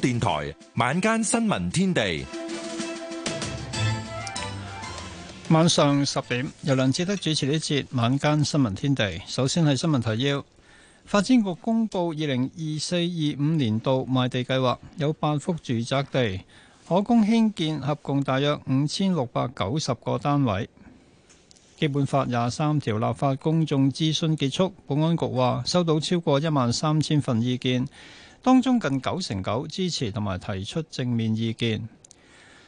電台晚間新聞天地，晚上十點由梁志德主持呢節晚間新聞天地。首先係新聞提要：發展局公布二零二四二五年度賣地計劃，有八幅住宅地可供興建，合共大約五千六百九十個單位。基本法廿三條立法公眾諮詢結束，保安局話收到超過一萬三千份意見。當中近九成九支持同埋提出正面意見。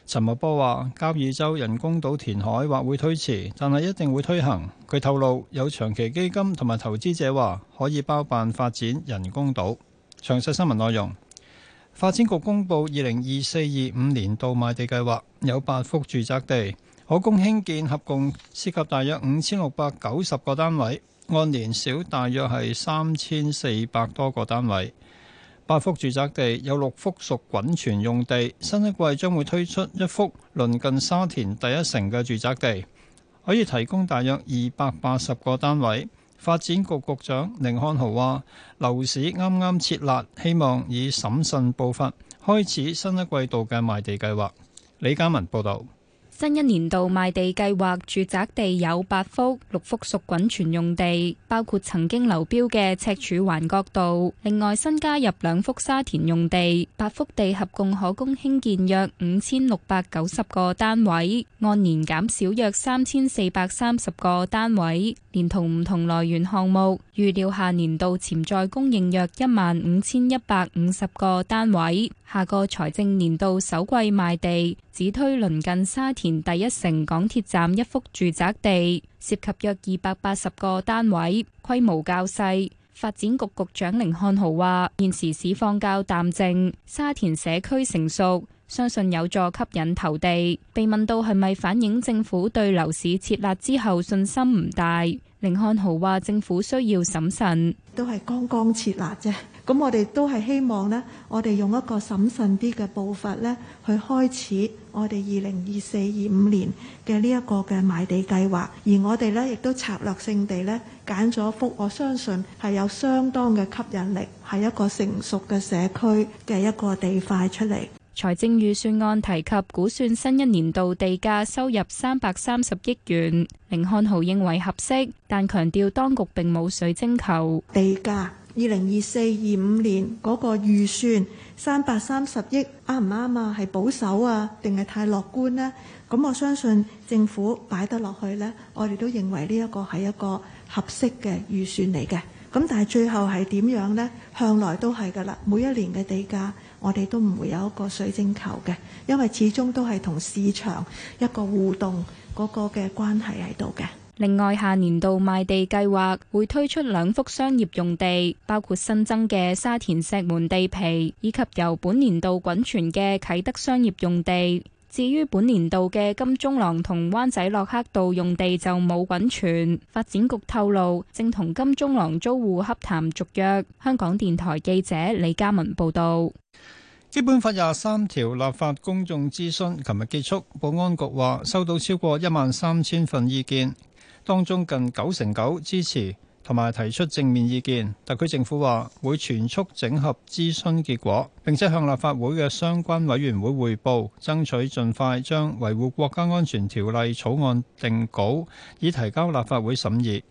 陳茂波話，交椅洲人工島填海或會推遲，但係一定會推行。佢透露有長期基金同埋投資者話，可以包辦發展人工島。詳細新聞內容，發展局公布二零二四二五年度賣地計劃，有八幅住宅地，可供興建合共涉及大約五千六百九十個單位，按年少大約係三千四百多個單位。八幅住宅地有六幅屬滾存用地，新一季將會推出一幅鄰近沙田第一城嘅住宅地，可以提供大約二百八十個單位。發展局局長寧漢豪話，樓市啱啱撤辣，希望以審慎步伐開始新一季度嘅賣地計劃，李嘉文報道。新一年度賣地計劃，住宅地有八幅，六幅屬滾存用地，包括曾經流標嘅赤柱環角道。另外，新加入兩幅沙田用地，八幅地合共可供興建約五千六百九十個單位，按年減少約三千四百三十個單位。連同唔同來源項目，預料下年度潛在供應約一萬五千一百五十個單位。下個財政年度首季賣地，只推鄰近沙田第一城港鐵站一幅住宅地，涉及約二百八十個單位，規模較細。發展局局長甯漢豪話：現時市況較淡靜，沙田社區成熟，相信有助吸引投地。被問到係咪反映政府對樓市設立之後信心唔大，甯漢豪話：政府需要審慎，都係剛剛設立啫。咁我哋都係希望呢，我哋用一個審慎啲嘅步伐呢，去開始我哋二零二四二五年嘅呢一個嘅賣地計劃。而我哋呢，亦都策略性地呢，揀咗幅我相信係有相當嘅吸引力，係一個成熟嘅社區嘅一個地塊出嚟。財政預算案提及估算新一年度地價收入三百三十億元，甯漢豪認為合適，但強調當局並冇水晶球地價。二零二四二五年嗰個預算三百三十億啱唔啱啊？係保守啊，定係太樂觀呢？咁我相信政府擺得落去呢，我哋都認為呢一個係一個合適嘅預算嚟嘅。咁但係最後係點樣呢？向來都係㗎喇，每一年嘅地價，我哋都唔會有一個水晶球嘅，因為始終都係同市場一個互動嗰個嘅關係喺度嘅。另外，下年度賣地計劃會推出兩幅商業用地，包括新增嘅沙田石門地皮，以及由本年度滾存嘅啟德商業用地。至於本年度嘅金鐘廊同灣仔洛克道用地就冇滾存。發展局透露，正同金鐘廊租戶洽談續約。香港電台記者李嘉文報道。基本法廿三條立法公眾諮詢，琴日結束，保安局話收到超過一萬三千份意見。當中近九成九支持同埋提出正面意見，特區政府話會全速整合諮詢結果，並且向立法會嘅相關委員會匯報，爭取盡快將《維護國家安全條例》草案定稿，以提交立法會審議。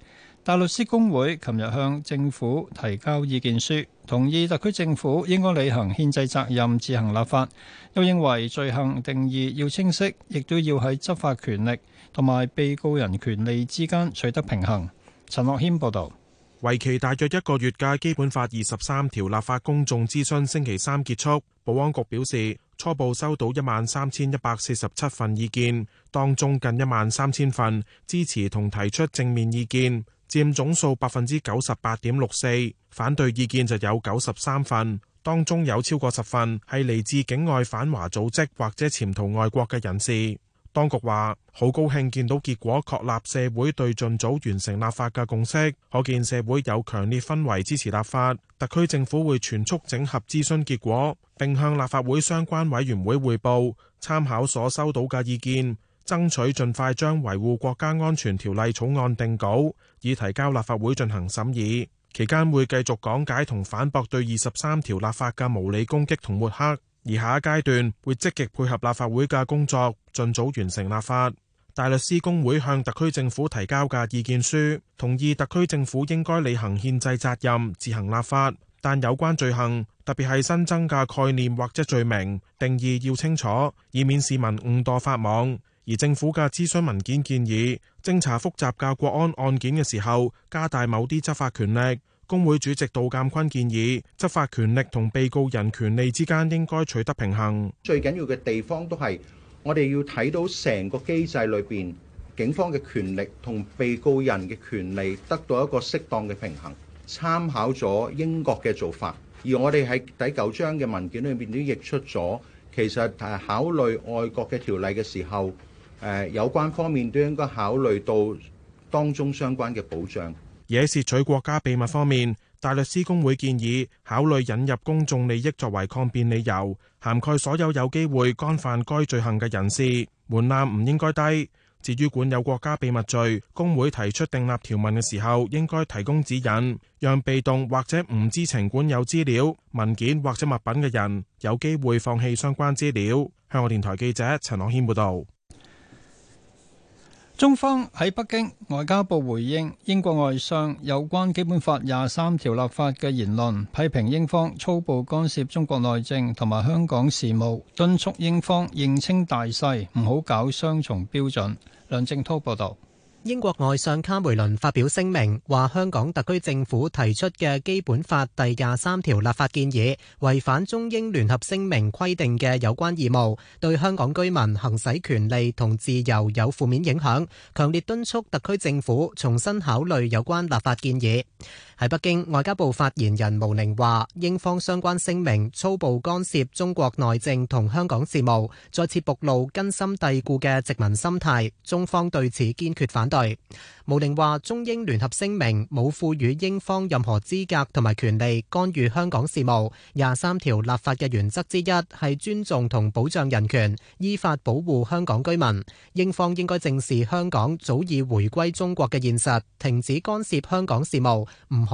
大律師公會琴日向政府提交意見書，同意特區政府應該履行憲制責任，自行立法，又認為罪行定義要清晰，亦都要喺執法權力。同埋被告人權利之間取得平衡。陳樂謙報道，為期大約一個月嘅《基本法》二十三條立法公眾諮詢星期三結束，保安局表示初步收到一萬三千一百四十七份意見，當中近一萬三千份支持同提出正面意見佔總數百分之九十八點六四；反對意見就有九十三份，當中有超過十份係嚟自境外反華組織或者潛逃外國嘅人士。當局話：好高興見到結果確立社會對盡早完成立法嘅共識，可見社會有強烈氛圍支持立法。特區政府會全速整合諮詢結果，並向立法會相關委員會匯報，參考所收到嘅意見，爭取盡快將維護國家安全條例草案定稿，以提交立法會進行審議。期間會繼續講解同反駁對二十三條立法嘅無理攻擊同抹黑。而下一階段會積極配合立法會嘅工作，盡早完成立法。大律師公會向特區政府提交嘅意見書，同意特區政府應該履行憲制責任，自行立法。但有關罪行，特別係新增嘅概念或者罪名定義要清楚，以免市民誤墮法網。而政府嘅諮詢文件建議，偵查複雜嘅國安案件嘅時候，加大某啲執法權力。工會主席杜鑒坤建議，執法權力同被告人權利之間應該取得平衡。最緊要嘅地方都係，我哋要睇到成個機制裏邊，警方嘅權力同被告人嘅權利得到一個適當嘅平衡。參考咗英國嘅做法，而我哋喺第九章嘅文件裏面都譯出咗，其實誒考慮外國嘅條例嘅時候，誒有關方面都應該考慮到當中相關嘅保障。野竊取國家秘密方面，大律師工會建議考慮引入公眾利益作為抗辯理由，涵蓋所有有機會干犯該罪行嘅人士。門檻唔應該低。至於管有國家秘密罪，工會提出訂立條文嘅時候，應該提供指引，讓被動或者唔知情管有資料、文件或者物品嘅人，有機會放棄相關資料。香港電台記者陳樂謙報道。中方喺北京外交部回應英國外相有關《基本法》廿三條立法嘅言論，批評英方粗暴干涉中國內政同埋香港事務，敦促英方認清大勢，唔好搞雙重標準。梁正濤報道。英國外相卡梅倫發表聲明，話香港特區政府提出嘅《基本法》第廿三條立法建議違反中英聯合聲明規定嘅有關義務，對香港居民行使權利同自由有負面影響，強烈敦促特區政府重新考慮有關立法建議。喺北京，外交部發言人毛寧話，英方相關聲明粗暴干涉中國內政同香港事務，再次暴露根深蒂固嘅殖民心態，中方對此堅決反對，毛寧話中英聯合聲明冇賦予英方任何資格同埋權利干預香港事務，廿三條立法嘅原則之一係尊重同保障人權，依法保護香港居民。英方應該正視香港早已回歸中國嘅現實，停止干涉香港事務唔可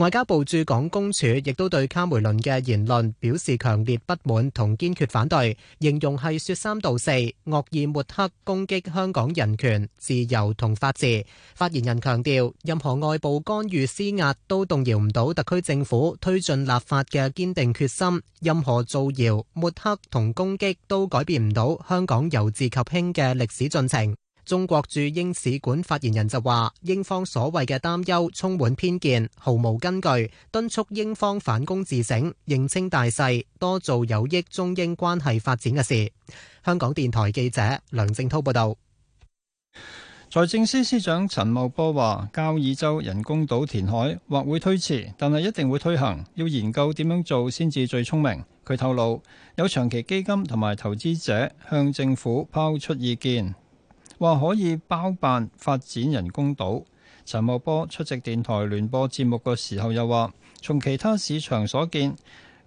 外交部駐港公署亦都對卡梅倫嘅言論表示強烈不滿同堅決反對，形容係説三道四、惡意抹黑、攻擊香港人權、自由同法治。發言人強調，任何外部干預施壓都動搖唔到特區政府推進立法嘅堅定決心，任何造謠、抹黑同攻擊都改變唔到香港由治及興嘅歷史進程。中國駐英使館發言人就話，英方所謂嘅擔憂充滿偏見，毫無根據，敦促英方反躬自省，認清大勢，多做有益中英關係發展嘅事。香港電台記者梁正濤報道。財政司司司長陳茂波話，交椅洲人工島填海或會推遲，但係一定會推行，要研究點樣做先至最聰明。佢透露有長期基金同埋投資者向政府拋出意見。話可以包辦發展人工島。陳茂波出席電台聯播節目嘅時候又話：從其他市場所見，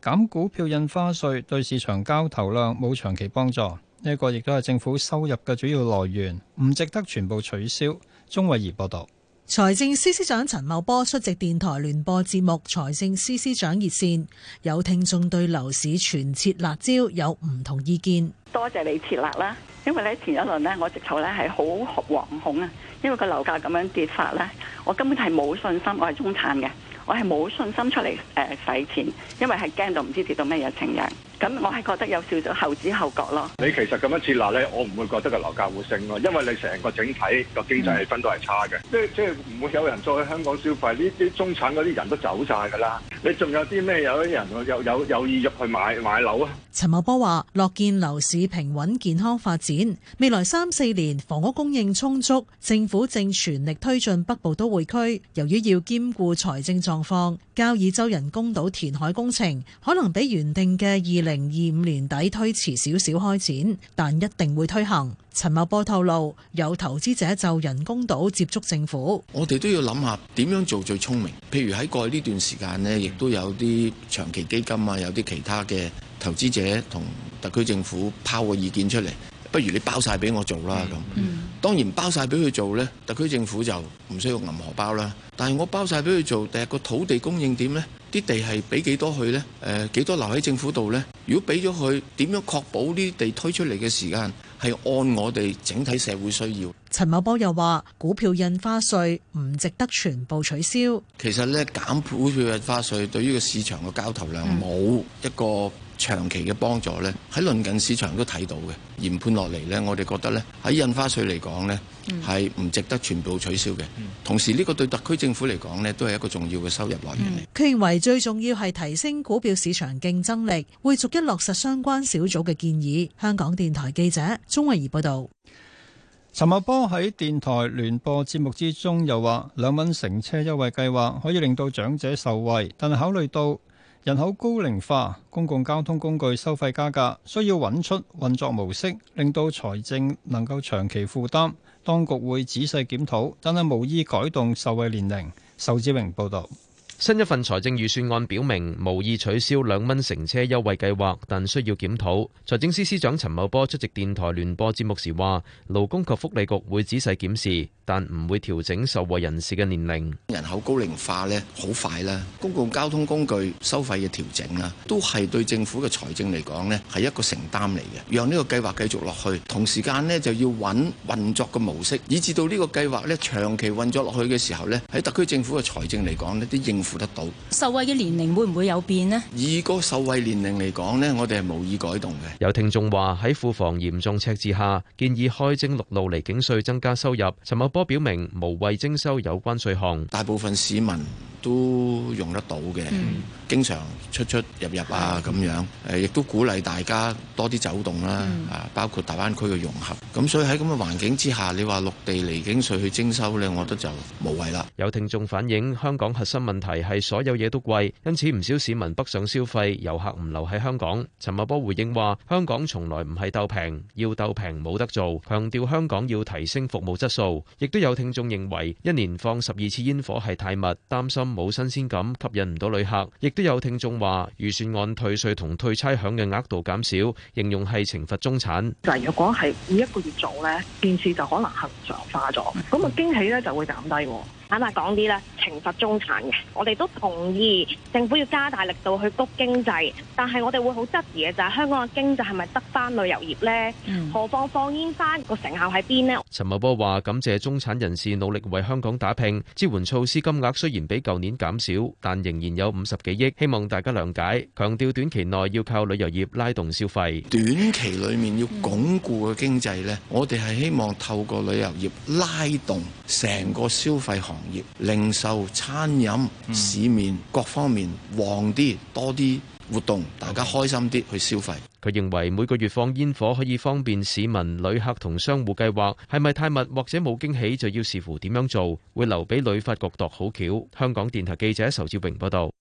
減股票印花稅對市場交投量冇長期幫助。呢個亦都係政府收入嘅主要來源，唔值得全部取消。鍾慧儀報道。財政司司長陳茂波出席電台聯播節目《財政司司長熱線》，有聽眾對樓市全撤辣招有唔同意見。多謝你撤辣啦，因為呢前一輪呢，我直頭咧係好惶恐啊，因為個樓價咁樣跌法呢，我根本係冇信心，我係中產嘅。我係冇信心出嚟誒使錢，因為係驚到唔知跌到咩嘢情形。咁我係覺得有少少後知後覺咯。你其實咁樣設立咧我唔會覺得個樓價會升咯，因為你成個整體個經濟氣氛都係差嘅，嗯、即係即係唔會有人再去香港消費。呢啲中產嗰啲人都走晒㗎啦。你仲有啲咩有啲人有有有意欲去買買樓啊？陳茂波話：樂見樓市平穩健康發展，未來三四年房屋供應充足，政府正全力推進北部都會區。由於要兼顧財政狀況，交椅洲人工島填海工程可能比原定嘅二零二五年底推遲少少開展，但一定會推行。陳茂波透露，有投資者就人工島接觸政府，我哋都要諗下點樣做最聰明。譬如喺過去呢段時間呢，亦都有啲長期基金啊，有啲其他嘅投資者同特區政府拋個意見出嚟。不如你包晒俾我做啦咁，當然包晒俾佢做呢，特區政府就唔需要銀荷包啦。但係我包晒俾佢做，第日個土地供應點呢？啲地係俾幾多佢呢？誒幾多留喺政府度呢？如果俾咗佢，點樣確保啲地推出嚟嘅時間係按我哋整體社會需要？陳茂波又話：股票印花稅唔值得全部取消。其實呢，減股票印花稅對於個市場個交投量冇一個，嗯長期嘅幫助咧，喺鄰近市場都睇到嘅。研判落嚟咧，我哋覺得咧，喺印花稅嚟講咧，係唔、嗯、值得全部取消嘅。同時呢、呢個對特區政府嚟講咧，都係一個重要嘅收入來源嚟。佢、嗯、認為最重要係提升股票市場競爭力，會逐一落實相關小組嘅建議。香港電台記者鍾慧儀報道。陳茂波喺電台聯播節目之中又話，兩蚊乘車優惠計劃可以令到長者受惠，但係考慮到人口高齡化、公共交通工具收費加價，需要揾出運作模式，令到財政能夠長期負擔。當局會仔細檢討，等等無意改動受惠年齡。仇志榮報導。新一份財政預算案表明，無意取消兩蚊乘車優惠計劃，但需要檢討。財政司司長陳茂波出席電台聯播節目時話：勞工及福利局會仔細檢視，但唔會調整受惠人士嘅年齡。人口高齡化咧，好快啦。公共交通工具收費嘅調整啦，都係對政府嘅財政嚟講咧，係一個承擔嚟嘅。讓呢個計劃繼續落去，同時間咧就要揾運作嘅模式，以至到呢個計劃咧長期運作落去嘅時候咧，喺特區政府嘅財政嚟講咧，啲應付受惠嘅年齡會唔會有變呢？以個受惠年齡嚟講呢，我哋係無意改動嘅。有聽眾話，喺庫房嚴重赤字下，建議開徵陸路離境稅增加收入。陳茂波表明，無謂徵收有關稅項，大部分市民都用得到嘅。經常出出入入啊咁樣，誒亦都鼓勵大家多啲走動啦，啊包括大灣區嘅融合。咁所以喺咁嘅環境之下，你話陸地離境稅去徵收呢，我覺得就無謂啦。有聽眾反映香港核心問題係所有嘢都貴，因此唔少市民北上消費，遊客唔留喺香港。陳茂波回應話：香港從來唔係鬥平，要鬥平冇得做，強調香港要提升服務質素。亦都有聽眾認為一年放十二次煙火係太密，擔心冇新鮮感，吸引唔到旅客。亦都。有聽眾話，預算案退稅同退差餉嘅額度減少，形容係懲罰中產。就係如果係每一個月做呢件事就可能恆常化咗，咁啊驚喜咧就會減低。坦白講啲啦，懲罰中產嘅，我哋都同意政府要加大力度去谷經濟，但係我哋會好質疑嘅就係香港嘅經濟係咪得返旅遊業呢？何況放煙花個成效喺邊呢？陳茂波話：感謝中產人士努力為香港打拼，支援措施金額雖然比舊年減少，但仍然有五十幾億，希望大家諒解。強調短期內要靠旅遊業拉動消費，短期裏面要鞏固嘅經濟呢，我哋係希望透過旅遊業拉動成個消費行業。零售、餐飲、市面各方面旺啲，多啲活動，大家開心啲去消費。佢認為每個月放煙火可以方便市民、旅客同商戶計劃，係咪太密或者冇驚喜就要視乎點樣做，會留俾旅發局度好橋。香港電台記者仇志榮報道。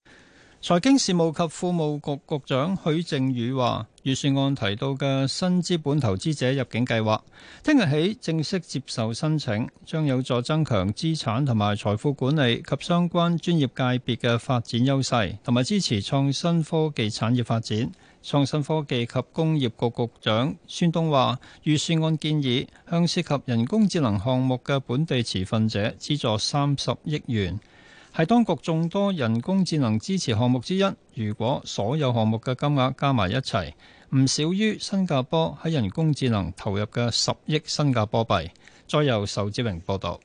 財經事務及庫務局局長許正宇話：預算案提到嘅新資本投資者入境計劃，聽日起正式接受申請，將有助增強資產同埋財富管理及相關專業界別嘅發展優勢，同埋支持創新科技產業發展。創新科技及工業局局長孫東話：預算案建議向涉及人工智能項目嘅本地持份者資助三十億元。係當局眾多人工智能支持項目之一。如果所有項目嘅金額加埋一齊，唔少於新加坡喺人工智能投入嘅十億新加坡幣。再由仇志榮報道。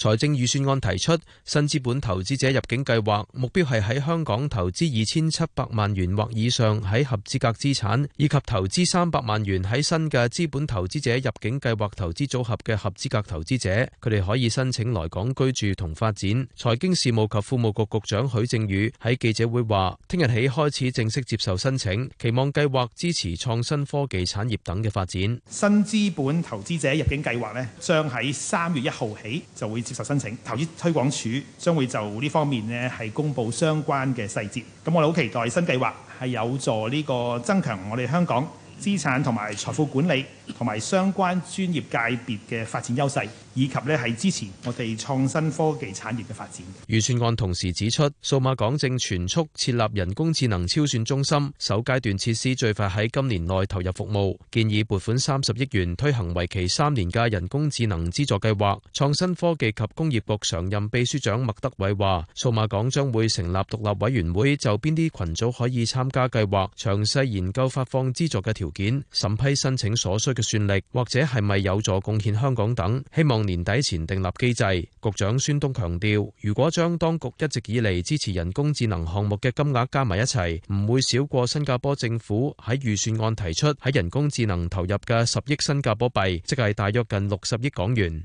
財政預算案提出新資本投資者入境計劃，目標係喺香港投資二千七百萬元或以上喺合資格資產，以及投資三百萬元喺新嘅資本投資者入境計劃投資組合嘅合資格投資者，佢哋可以申請來港居住同發展。財經事務及庫務局局，局長許正宇喺記者會話，聽日起開始正式接受申請，期望計劃支持創新科技產業等嘅發展。新資本投資者入境計劃呢，將喺三月一號起就會。接受申請，投資推廣署將會就呢方面呢係公布相關嘅細節。咁我哋好期待新計劃係有助呢個增強我哋香港資產同埋財富管理。同埋相關專業界別嘅發展優勢，以及呢，係支持我哋創新科技產業嘅發展。預算案同時指出，數碼港正全速設立人工智能超算中心，首階段設施最快喺今年內投入服務。建議撥款三十億元推行為期三年嘅人工智能資助計劃。創新科技及工業局常任秘書長麥德偉話，數碼港將會成立獨立委員會，就邊啲群組可以參加計劃，詳細研究發放資助嘅條件，審批申請所需。算力或者係咪有助貢獻香港等，希望年底前訂立機制。局長孫東強調，如果將當局一直以嚟支持人工智能項目嘅金額加埋一齊，唔會少過新加坡政府喺預算案提出喺人工智能投入嘅十億新加坡幣，即係大約近六十億港元。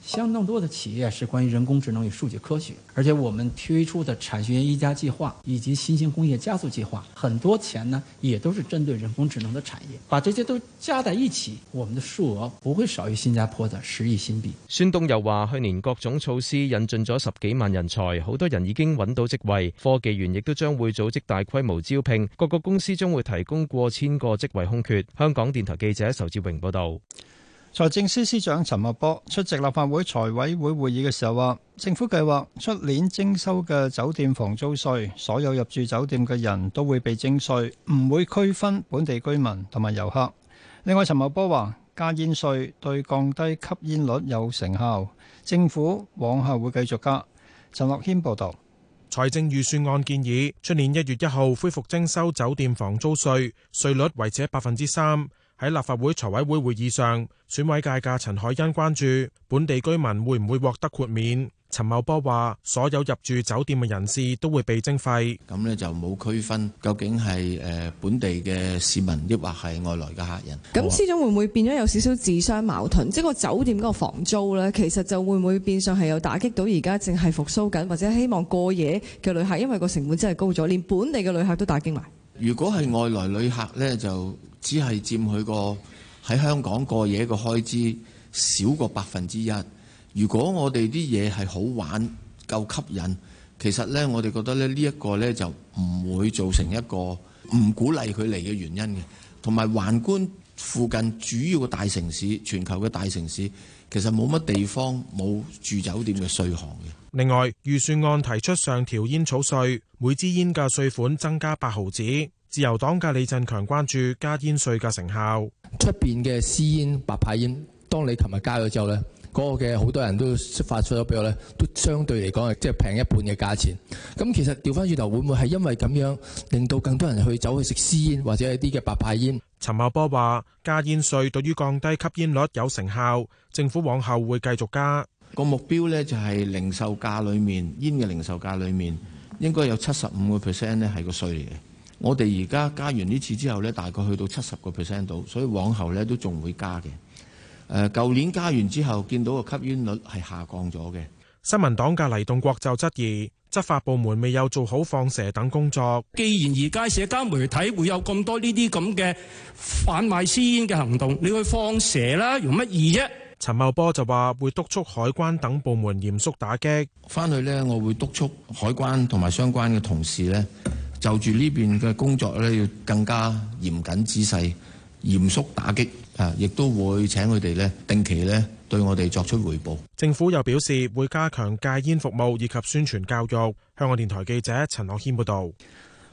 相當多的企業是關於人工智能與數據科學，而且我們推出的產學研一加計劃以及新型工業加速計劃，很多錢呢也都是針對人工智能的產業，把這些都加在一起，我們的數額不會少於新加坡的十億新幣。孫東又話：去年各種措施引進咗十幾萬人才，好多人已經揾到職位，科技園亦都將會組織大規模招聘，各個公司將會提供過千個職位空缺。香港電台記者仇志榮報道。財政司司長陳茂波出席立法會財委會會議嘅時候話，政府計劃出年徵收嘅酒店房租稅，所有入住酒店嘅人都會被徵稅，唔會區分本地居民同埋遊客。另外，陳茂波話加煙稅對降低吸煙率有成效，政府往後會繼續加。陳樂謙報道，財政預算案建議出年一月一號恢復徵收酒店房租稅，稅率維持喺百分之三。喺立法會財委會會議上，選委界嘅陳海欣關注本地居民會唔會獲得豁免？陳茂波話：所有入住酒店嘅人士都會被徵費，咁呢就冇區分究竟係誒本地嘅市民抑或係外來嘅客人。咁始終會唔會變咗有少少自相矛盾？即係個酒店嗰個房租呢，其實就會唔會變相係有打擊到而家正係復蘇緊或者希望過夜嘅旅客？因為個成本真係高咗，連本地嘅旅客都打擊埋。如果係外來旅客呢，就只係佔佢個喺香港過夜嘅開支少過百分之一。如果我哋啲嘢係好玩、夠吸引，其實呢，我哋覺得呢呢一個呢，就唔會造成一個唔鼓勵佢嚟嘅原因嘅。同埋環觀附近主要嘅大城市、全球嘅大城市，其實冇乜地方冇住酒店嘅稅項嘅。另外，預算案提出上調煙草稅，每支煙嘅稅款增加八毫子。自由黨嘅李振強關注加煙稅嘅成效。出邊嘅私煙白牌煙，當你琴日加咗之後呢，呢個嘅好多人都發出咗俾我呢都相對嚟講係即係平一半嘅價錢。咁其實調翻轉頭，會唔會係因為咁樣令到更多人去走去食私煙或者一啲嘅白牌煙？陳茂波話：加煙稅對於降低吸煙率有成效，政府往後會繼續加。個目標呢就係零售價裏面煙嘅零售價裏面應該有七十五個 percent 呢係個稅嚟嘅。我哋而家加完呢次之後呢，大概去到七十個 percent 度，所以往後呢都仲會加嘅。誒、呃，舊年加完之後，見到個吸煙率係下降咗嘅。新民黨嘅黎棟國就質疑執法部門未有做好放蛇等工作。既然而家社交媒體會有咁多呢啲咁嘅販賣私煙嘅行動，你去放蛇啦，用乜嘢啫？陳茂波就話會督促海關等部門嚴肅打擊。翻去呢，我會督促海關同埋相關嘅同事呢。就住呢邊嘅工作咧，要更加嚴謹仔細、嚴肅打擊啊！亦都會請佢哋咧定期咧對我哋作出回報。政府又表示會加強戒煙服務以及宣傳教育。香港電台記者陳樂謙報道。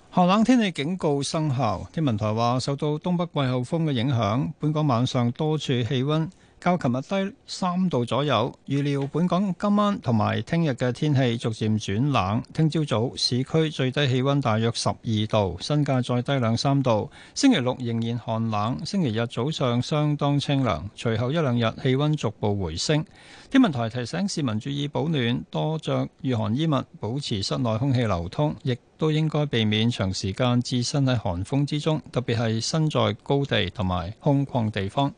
寒冷天氣警告生效，天文台話受到東北季候風嘅影響，本港晚上多處氣温。較琴日低三度左右，預料本港今晚同埋聽日嘅天氣逐漸轉冷，聽朝早市區最低氣温大約十二度，新界再低兩三度。星期六仍然寒冷，星期日早上相當清涼，隨後一兩日氣温逐步回升。天文台提醒市民注意保暖，多着禦寒衣物，保持室內空氣流通，亦都應該避免長時間置身喺寒風之中，特別係身在高地同埋空曠地方。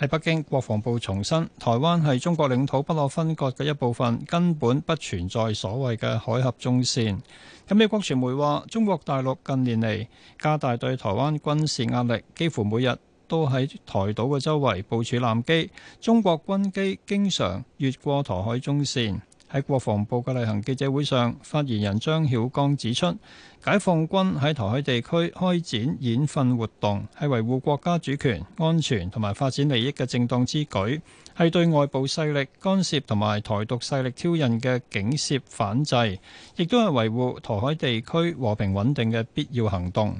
喺北京，國防部重申，台灣係中國領土不可分割嘅一部分，根本不存在所謂嘅海峽中線。咁美國傳媒話，中國大陸近年嚟加大對台灣軍事壓力，幾乎每日都喺台島嘅周圍部署艦機，中國軍機經常越過台海中線。喺國防部嘅例行記者會上，發言人張曉剛指出，解放軍喺台海地區開展演訓活動係維護國家主權、安全同埋發展利益嘅正當之舉，係對外部勢力干涉同埋台獨勢力挑釁嘅警示反制，亦都係維護台海地區和平穩定嘅必要行動。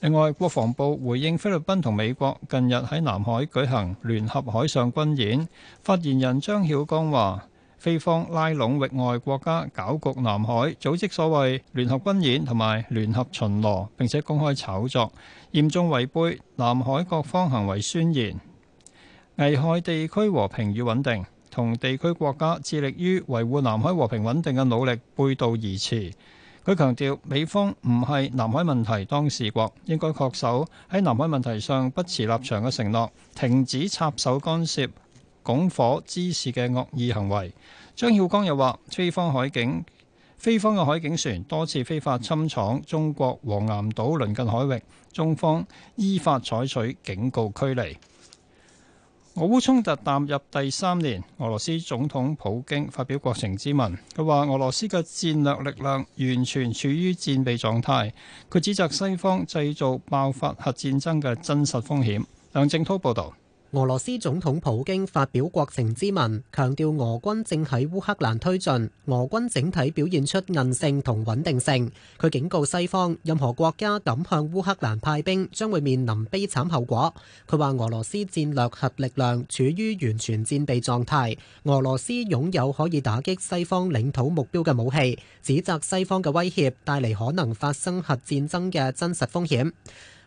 另外，國防部回應菲律賓同美國近日喺南海舉行聯合海上軍演，發言人張曉剛話。菲方拉攏域外國家搞局南海，組織所謂聯合軍演同埋聯合巡邏，並且公開炒作，嚴重違背南海各方行為宣言，危害地區和平與穩定，同地區國家致力於維護南海和平穩定嘅努力背道而馳。佢強調，美方唔係南海問題當事國，應該恪守喺南海問題上不持立場嘅承諾，停止插手干涉。拱火滋事嘅惡意行為。張曉光又話，菲方海警，菲方嘅海警船多次非法侵闖中國黃岩島鄰近海域，中方依法採取警告驅離。俄烏衝突踏入第三年，俄羅斯總統普京發表國情咨文，佢話俄羅斯嘅戰略力量完全處於戰備狀態，佢指責西方製造爆發核戰爭嘅真實風險，梁正濤報道。俄羅斯總統普京發表國情咨文，強調俄軍正喺烏克蘭推進，俄軍整體表現出韌性同穩定性。佢警告西方，任何國家敢向烏克蘭派兵，將會面臨悲慘後果。佢話俄羅斯戰略核力量處於完全戰備狀態，俄羅斯擁有可以打擊西方領土目標嘅武器，指責西方嘅威脅帶嚟可能發生核戰爭嘅真實風險。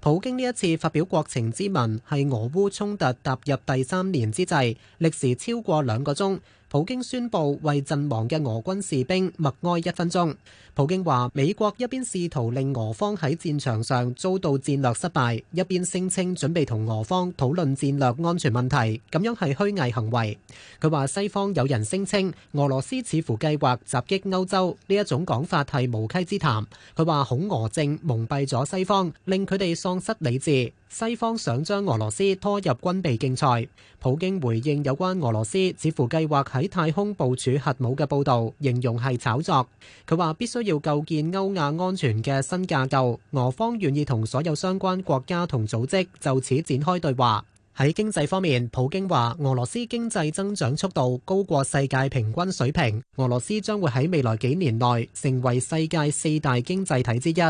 普京呢一次發表國情咨文，係俄烏衝突踏入第三年之際，歷時超過兩個鐘。普京宣布為陣亡嘅俄軍士兵默哀一分鐘。普京話：美國一邊試圖令俄方喺戰場上遭到戰略失敗，一邊聲稱準備同俄方討論戰略安全問題，咁樣係虛偽行為。佢話西方有人聲稱俄羅斯似乎計劃襲擊歐洲，呢一種講法係無稽之談。佢話恐俄症蒙蔽咗西方，令佢哋喪失理智。西方想將俄羅斯拖入軍備競賽。普京回應有關俄羅斯似乎計劃喺太空部署核武嘅報導，形容係炒作。佢話必須，要構建歐亞安全嘅新架構，俄方願意同所有相關國家同組織就此展開對話。喺經濟方面，普京話，俄羅斯經濟增長速度高過世界平均水平，俄羅斯將會喺未來幾年內成為世界四大經濟體之一。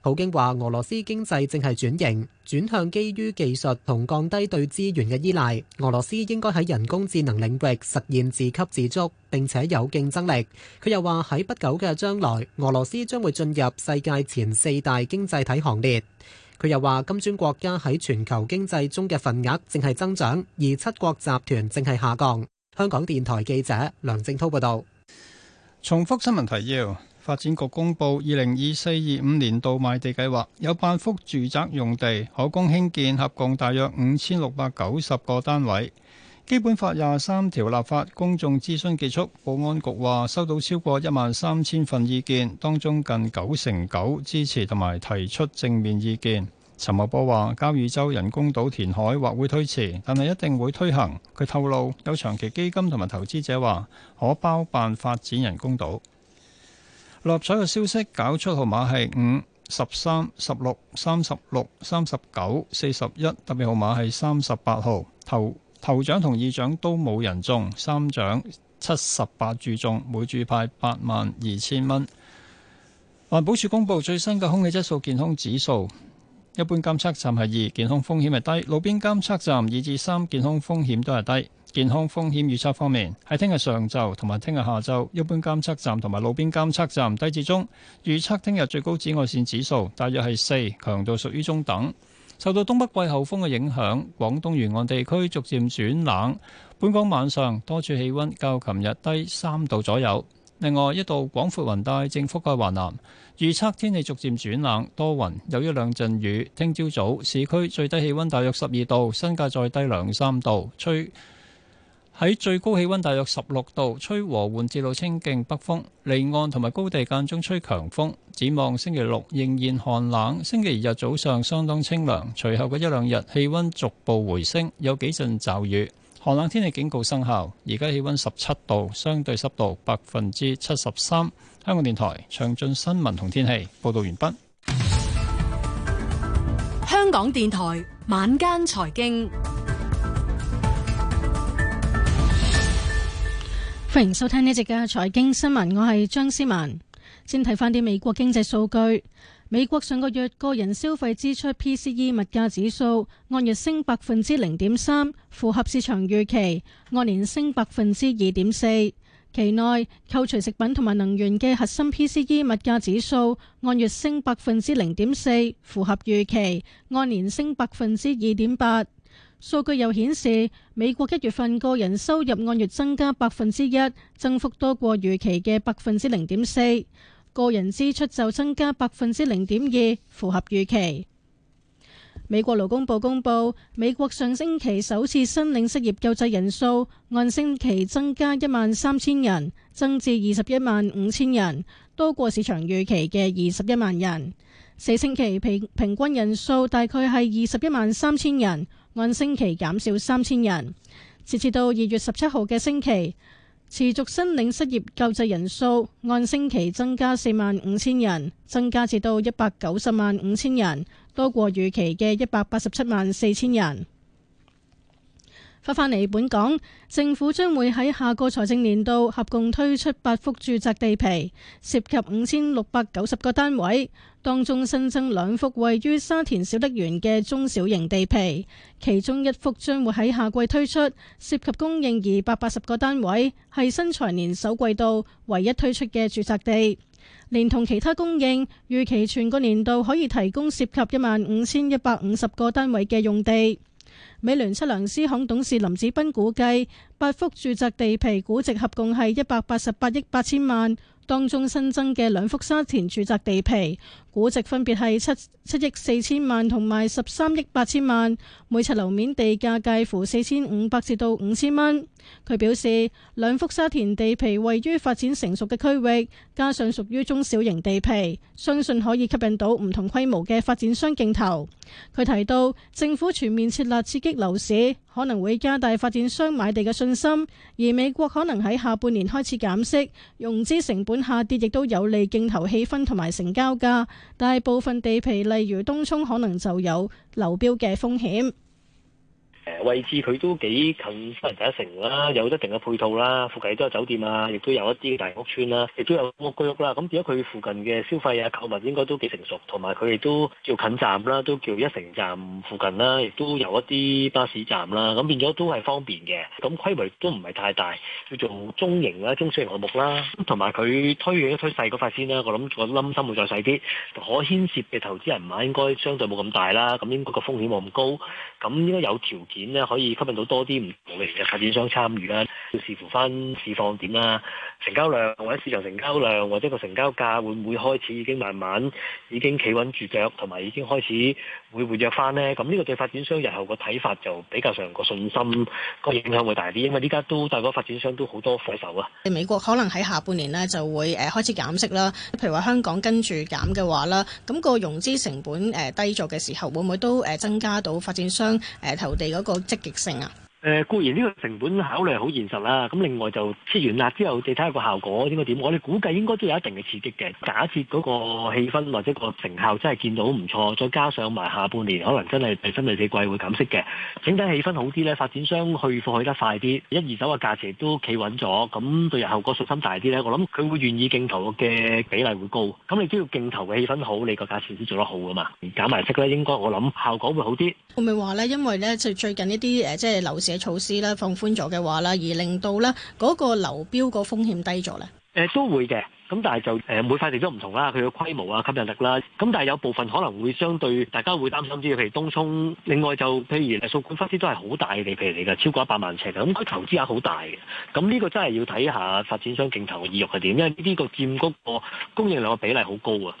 普京話：俄羅斯經濟正係轉型，轉向基於技術同降低對資源嘅依賴。俄羅斯應該喺人工智能領域實現自給自足，並且有競爭力。佢又話喺不久嘅將來，俄羅斯將會進入世界前四大經濟體行列。佢又話金磚國家喺全球經濟中嘅份額正係增長，而七國集團正係下降。香港電台記者梁正滔報道。重複新聞提要。發展局公布二零二四二五年度賣地計劃，有八幅住宅用地可供興建，合共大約五千六百九十個單位。基本法廿三條立法公眾諮詢結束，保安局話收到超過一萬三千份意見，當中近九成九支持同埋提出正面意見。陳茂波話，交椅洲人工島填海或會推遲，但係一定會推行。佢透露有長期基金同埋投資者話可包辦發展人工島。立彩嘅消息，搞出號碼係五、十三、十六、三十六、三十九、四十一，特別號碼係三十八號。頭頭獎同二獎都冇人中，三獎七十八注中，每注派八萬二千蚊。環保署公布最新嘅空氣質素健康指數。一般監測站係二，健康風險係低；路邊監測站二至三，健康風險都係低。健康風險預測方面，喺聽日上晝同埋聽日下晝，一般監測站同埋路邊監測站低至中。預測聽日最高紫外線指數大約係四，強度屬於中等。受到東北季候風嘅影響，廣東沿岸地區逐漸轉冷。本港晚上多處氣温較琴日低三度左右。另外，一道廣闊雲帶正覆蓋華南。預測天氣逐漸轉冷，多雲，有一兩陣雨。聽朝早市區最低氣溫大約十二度，新界再低兩三度，吹喺最高氣溫大約十六度，吹和緩至到清勁北風，離岸同埋高地間中吹強風。展望星期六仍然寒冷，星期日早上相當清涼，隨後嘅一兩日氣溫逐步回升，有幾陣驟雨。寒冷天氣警告生效，而家氣溫十七度，相對濕度百分之七十三。香港電台詳盡新聞同天氣報道完畢。香港電台晚間財經，歡迎收聽呢集嘅財經新聞，我係張思文。先睇返啲美國經濟數據，美國上個月個人消費支出 PCE 物價指數按月升百分之零點三，符合市場預期，按年升百分之二點四。期內扣除食品同埋能源嘅核心 PCE 物價指數按月升百分之零點四，符合預期；按年升百分之二點八。數據又顯示，美國一月份個人收入按月增加百分之一，增幅多過預期嘅百分之零點四；個人支出就增加百分之零點二，符合預期。美國勞工部公布，美國上星期首次申領失業救濟人數按星期增加一萬三千人，增至二十一萬五千人，多過市場預期嘅二十一萬人。四星期平平均人數大概係二十一萬三千人，按星期減少三千人。截至到二月十七號嘅星期，持續申領失業救濟人數按星期增加四萬五千人，增加至到一百九十萬五千人。多過預期嘅一百八十七萬四千人。翻返嚟本港，政府將會喺下個財政年度合共推出八幅住宅地皮，涉及五千六百九十個單位。當中新增兩幅位於沙田小瀝源嘅中小型地皮，其中一幅將會喺下季推出，涉及供應二百八十個單位，係新財年首季度唯一推出嘅住宅地。連同其他供應，預期全個年度可以提供涉及一萬五千一百五十個單位嘅用地。美聯測量師行董事林子斌估計，八幅住宅地皮估值合共係一百八十八億八千萬。當中新增嘅兩幅沙田住宅地皮，估值分別係七七億四千萬同埋十三億八千萬。每尺樓面地價介乎四千五百至到五千蚊。5, 000, 佢表示，兩幅沙田地皮位於發展成熟嘅區域，加上屬於中小型地皮，相信可以吸引到唔同規模嘅發展商競投。佢提到，政府全面設立刺激樓市，可能會加大發展商買地嘅信心；而美國可能喺下半年開始減息，融資成本下跌亦都有利競投氣氛同埋成交價。但係部分地皮，例如東涌，可能就有流標嘅風險。位置佢都幾近西環第一城啦，有一定嘅配套啦，附近都有酒店啊，亦都有一啲大屋邨啦，亦都有屋居屋啦。咁變咗佢附近嘅消費啊、購物應該都幾成熟，同埋佢亦都叫近站啦，都叫一城站附近啦，亦都有一啲巴士站啦。咁變咗都係方便嘅。咁規模都唔係太大，叫做中型啦、中小型項目啦。咁同埋佢推嘅推細嗰塊先啦。我諗我冧心會再細啲，可牽涉嘅投資人馬應該相對冇咁大啦。咁應該個風險冇咁高。咁應該有條件。點咧可以吸引到多啲唔同嘅發展商參與啦？要視乎翻市況點啦，成交量或者市場成交量或者個成交價會唔會開始已經慢慢已經企穩住腳同埋已經開始會活躍翻咧？咁呢個對發展商日後個睇法就比較上個信心個影響會大啲，因為呢家都大部分發展商都好多防守啊。美國可能喺下半年咧就會誒開始減息啦。譬如話香港跟住減嘅話啦，咁個融資成本誒低咗嘅時候，會唔會都誒增加到發展商誒投地嗰？個積極性啊！誒、呃、固然呢個成本考慮好現實啦，咁另外就切完辣之後，你睇下個效果應該點？我哋估計應該都有一定嘅刺激嘅。假設嗰個氣氛或者個成效真係見到唔錯，再加上埋下半年可能真係第三、第四季會減息嘅，整體氣氛好啲呢，發展商去貨去得快啲，一二手嘅價錢都企穩咗，咁對日後個信心大啲呢，我諗佢會願意競投嘅比例會高。咁你都要競投嘅氣氛好，你個價錢先做得好噶嘛？減埋息呢，應該我諗效果會好啲。我咪話呢？因為呢，最近一啲、呃、即係樓。嘅措施咧，放寬咗嘅話啦，而令到咧嗰個流標個風險低咗咧。誒都會嘅，咁但係就誒每塊地都唔同啦，佢嘅規模啊、吸引力啦，咁但係有部分可能會相對大家會擔心啲嘅，譬如東涌。另外就譬如誒數館花園都係好大嘅地皮嚟㗎，超過一百萬呎。咁、嗯、佢投資額好大嘅。咁、這、呢個真係要睇下發展商競投意欲係點，因為呢啲個佔嗰個供應量嘅比例好高啊。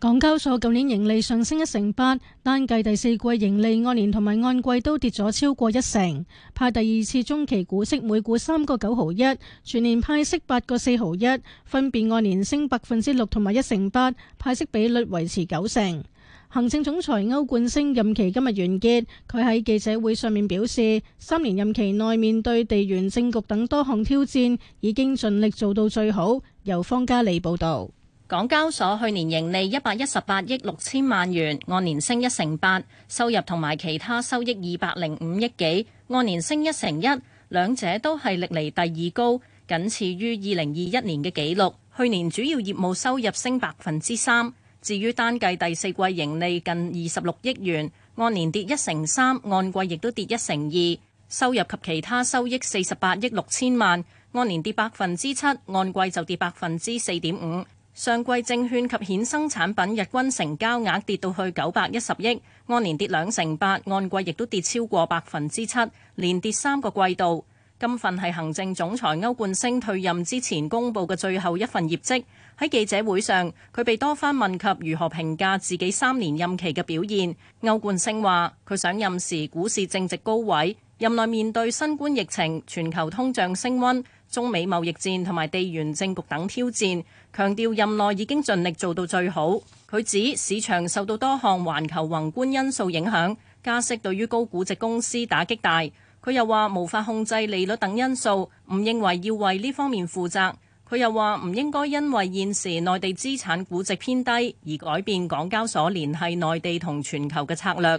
港交所舊年盈利上升一成八，單計第四季盈利按年同埋按季都跌咗超過一成，派第二次中期股息每股三個九毫一，全年派息八個四毫一，分別按年升百分之六同埋一成八，派息比率維持九成。行政總裁歐冠升任期今日完結，佢喺記者會上面表示，三年任期內面對地緣政局等多項挑戰，已經盡力做到最好。由方嘉利報道。港交所去年盈利一百一十八億六千萬元，按年升一成八，收入同埋其他收益二百零五億幾，按年升一成一，兩者都係歷嚟第二高，僅次於二零二一年嘅紀錄。去年主要業務收入升百分之三，至於單計第四季盈利近二十六億元，按年跌一成三，按季亦都跌一成二。收入及其他收益四十八億六千萬，按年跌百分之七，按季就跌百分之四點五。上季證券及衍生產品日均成交額跌到去九百一十億，按年跌兩成八，按季亦都跌超過百分之七，連跌三個季度。今份係行政總裁歐冠星退任之前公佈嘅最後一份業績。喺記者會上，佢被多番問及如何評價自己三年任期嘅表現。歐冠星話：佢上任時股市正值高位，任內面對新冠疫情、全球通脹升溫。中美貿易戰同埋地緣政局等挑戰，強調任內已經盡力做到最好。佢指市場受到多項環球宏觀因素影響，加息對於高估值公司打擊大。佢又話無法控制利率等因素，唔認為要為呢方面負責。佢又話唔應該因為現時內地資產估值偏低而改變港交所聯繫內地同全球嘅策略。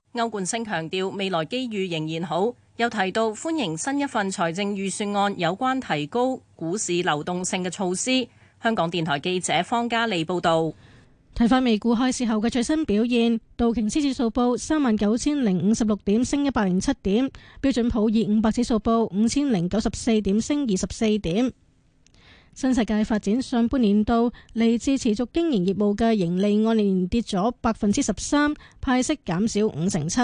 歐冠星強調未來機遇仍然好，又提到歡迎新一份財政預算案有關提高股市流動性嘅措施。香港電台記者方嘉莉報道。睇翻，美股開市後嘅最新表現，道瓊斯指數報三萬九千零五十六點，升一百零七點；標準普爾五百指數報五千零九十四點，升二十四點。新世界發展上半年度嚟自持續經營業務嘅盈利按年跌咗百分之十三，派息減少五成七。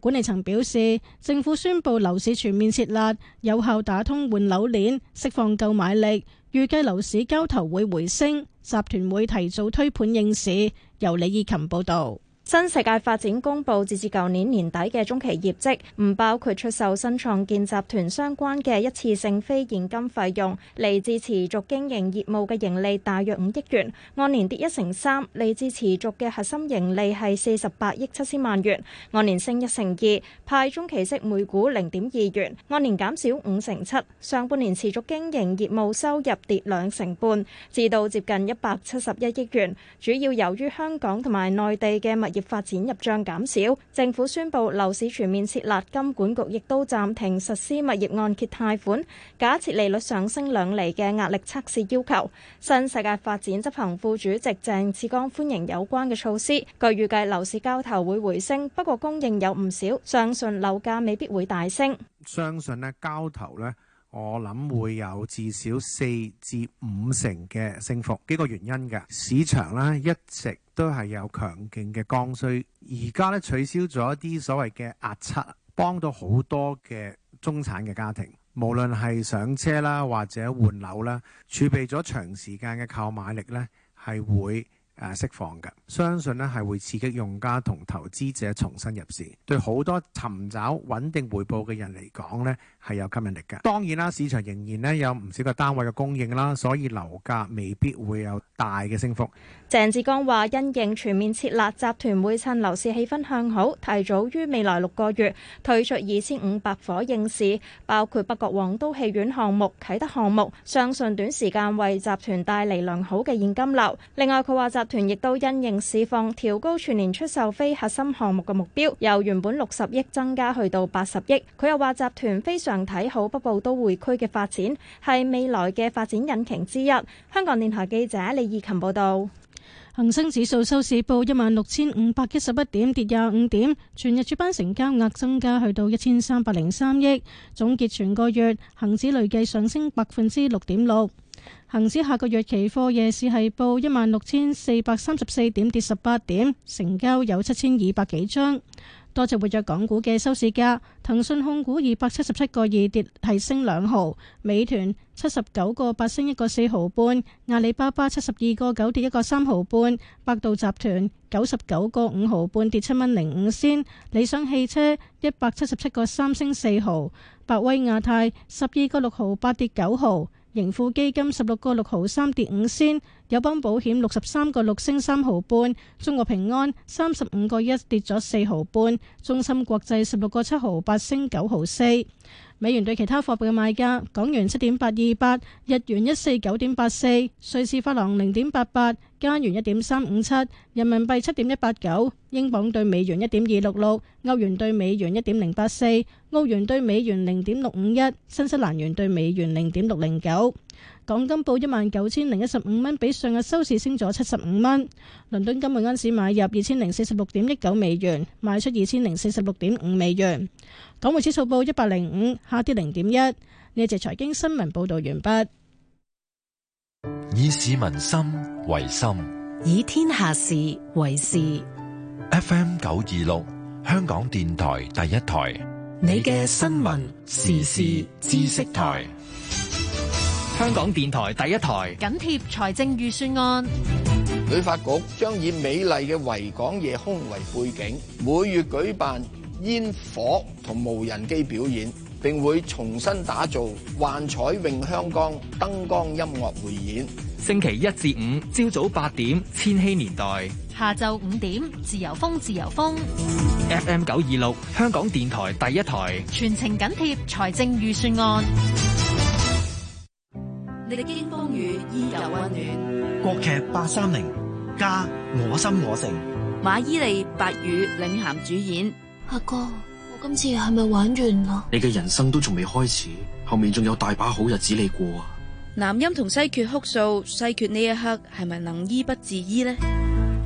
管理層表示，政府宣布樓市全面撤辣，有效打通換樓鏈，釋放購買力，預計樓市交投會回升，集團會提早推盤應市。由李義琴報道。新世界發展公布截至舊年年底嘅中期業績，唔包括出售新創建集團相關嘅一次性非現金費用，嚟自持續經營業務嘅盈利大約五億元，按年跌一成三。嚟自持續嘅核心盈利係四十八億七千萬元，按年升一成二，派中期息每股零點二元，按年減少五成七。上半年持續經營業務收入跌兩成半，至到接近一百七十一億元，主要由於香港同埋內地嘅物業發展入賬減少，政府宣佈樓市全面撤辣，金管局亦都暫停實施物業按揭貸款，假設利率上升兩厘嘅壓力測試要求。新世界發展執行副主席鄭志剛歡迎有關嘅措施。據預計樓市交投會回升，不過供應有唔少，相信樓價未必會大升。相信呢交投呢。我諗會有至少四至五成嘅升幅，幾個原因嘅。市場呢一直都係有強勁嘅剛需，而家咧取消咗一啲所謂嘅壓測，幫到好多嘅中產嘅家庭。無論係上車啦，或者換樓啦，儲備咗長時間嘅購買力呢係會誒釋放嘅。相信呢係會刺激用家同投資者重新入市。對好多尋找穩定回報嘅人嚟講呢，係有吸引力嘅，當然啦，市場仍然咧有唔少個單位嘅供應啦，所以樓價未必會有大嘅升幅。鄭志剛話：因應全面設立集團，會趁樓市氣氛向好，提早於未來六個月推出二千五百伙應市，包括北角皇都戲院項目、啟德項目，相信短時間為集團帶嚟良好嘅現金流。另外，佢話集團亦都因應市況，調高全年出售非核心項目嘅目標，由原本六十億增加去到八十億。佢又話集團非常。能睇好北部都會區嘅發展，係未來嘅發展引擎之一。香港電台記者李義琴報道，恒生指數收市報一萬六千五百一十一點，跌廿五點。全日主板成交額增加去到一千三百零三億。總結全個月，恒指累計上升百分之六點六。恒指下個月期貨夜市係報一萬六千四百三十四點，跌十八點，成交有七千二百幾張。多隻活躍港股嘅收市價：騰訊控股二百七十七個二跌，係升兩毫；美團七十九個八升一個四毫半；阿里巴巴七十二個九跌一個三毫半；百度集團九十九個五毫半跌七蚊零五仙；理想汽車一百七十七個三升四毫；百威亞太十二個六毫八跌九毫。盈富基金十六個六毫三跌五仙，友邦保險六十三個六升三毫半，中國平安三十五個一跌咗四毫半，中芯國際十六個七毫八升九毫四。美元對其他貨幣嘅賣價：港元七點八二八，日元一四九點八四，瑞士法郎零點八八，加元一點三五七，人民幣七點一八九，英鎊對美元一點二六六，歐元對美元一點零八四，澳元對美元零點六五一，新西蘭元對美元零點六零九。港金報一萬九千零一十五蚊，比上日收市升咗七十五蚊。倫敦金每安士買入二千零四十六點一九美元，賣出二千零四十六點五美元。港匯指數報一百零五，下跌零點一。呢一節財經新聞報道完畢。以市民心為心，以天下事為事。FM 九二六，香港電台第一台，你嘅新聞時事知識台。香港電台第一台緊貼財政預算案。旅發局將以美麗嘅維港夜空為背景，每月舉辦煙火同無人機表演，並會重新打造幻彩詠香江燈光音樂匯演。星期一至五朝早八點千禧年代下晝五點，自由風。自由風，FM 九二六香港電台第一台，全程緊貼財政預算案。你哋經風雨依舊溫暖。國劇八三零加我心我城，馬伊琍、白宇領銜主演。阿哥，哥，我今次係咪玩完啦？你嘅人生都仲未開始，後面仲有大把好日子你過啊！南音同西決哭訴，西決呢一刻係咪能醫不自醫呢？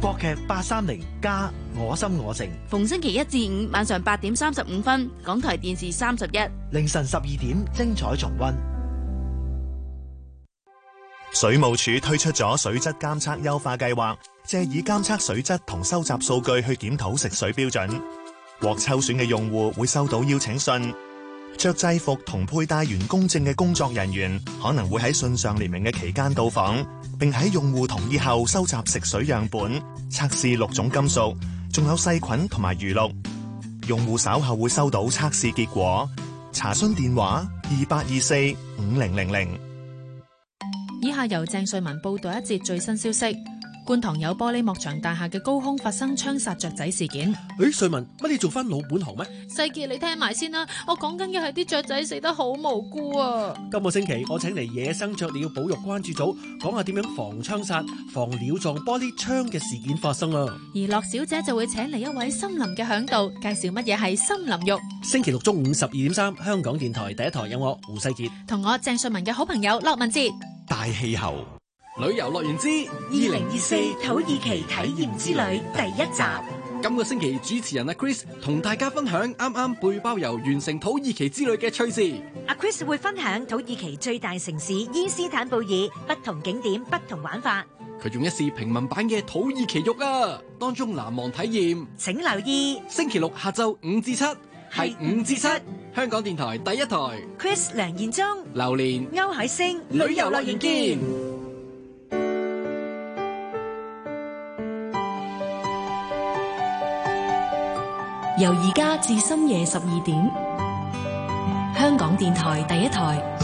國劇八三零加我心我城，逢星期一至五晚上八點三十五分，港台電視三十一，凌晨十二點精彩重溫。水務署推出咗水質監測優化計劃，借以監測水質同收集數據去檢討食水標準。獲抽選嘅用戶會收到邀請信，着制服同佩戴員工證嘅工作人員可能會喺信上列明嘅期間到訪，並喺用戶同意後收集食水樣本測試六種金屬，仲有細菌同埋餘氯。用戶稍後會收到測試結果。查詢電話：二八二四五零零零。以下由鄭瑞文報道一節最新消息。觀塘有玻璃幕牆大廈嘅高空發生槍殺雀仔事件。誒、哎，瑞文，乜你做翻老本行咩？世傑，你聽埋先啦。我講緊嘅係啲雀仔死得好無辜啊。今個星期我請嚟野生雀鳥保育關注組講下點樣防槍殺、防鳥撞玻璃窗嘅事件發生啊。而駱小姐就會請嚟一位森林嘅響導介紹乜嘢係森林浴。星期六中午十二點三，香港電台第一台有我胡世傑同我鄭瑞文嘅好朋友駱文哲。大氣候。旅遊樂園之二零二四土耳其體驗之旅第一集。今個星期主持人阿 Chris 同大家分享啱啱背包遊完成土耳其之旅嘅趣事。阿 Chris 會分享土耳其最大城市伊斯坦布爾不同景點、不同玩法。佢用一試平民版嘅土耳其肉啊，當中難忘體驗，請留意星期六下晝五至七係五至七香港電台第一台。Chris 梁彥忠、劉蓮、歐海星，旅遊樂園見。見由而家至深夜十二點，香港電台第一台。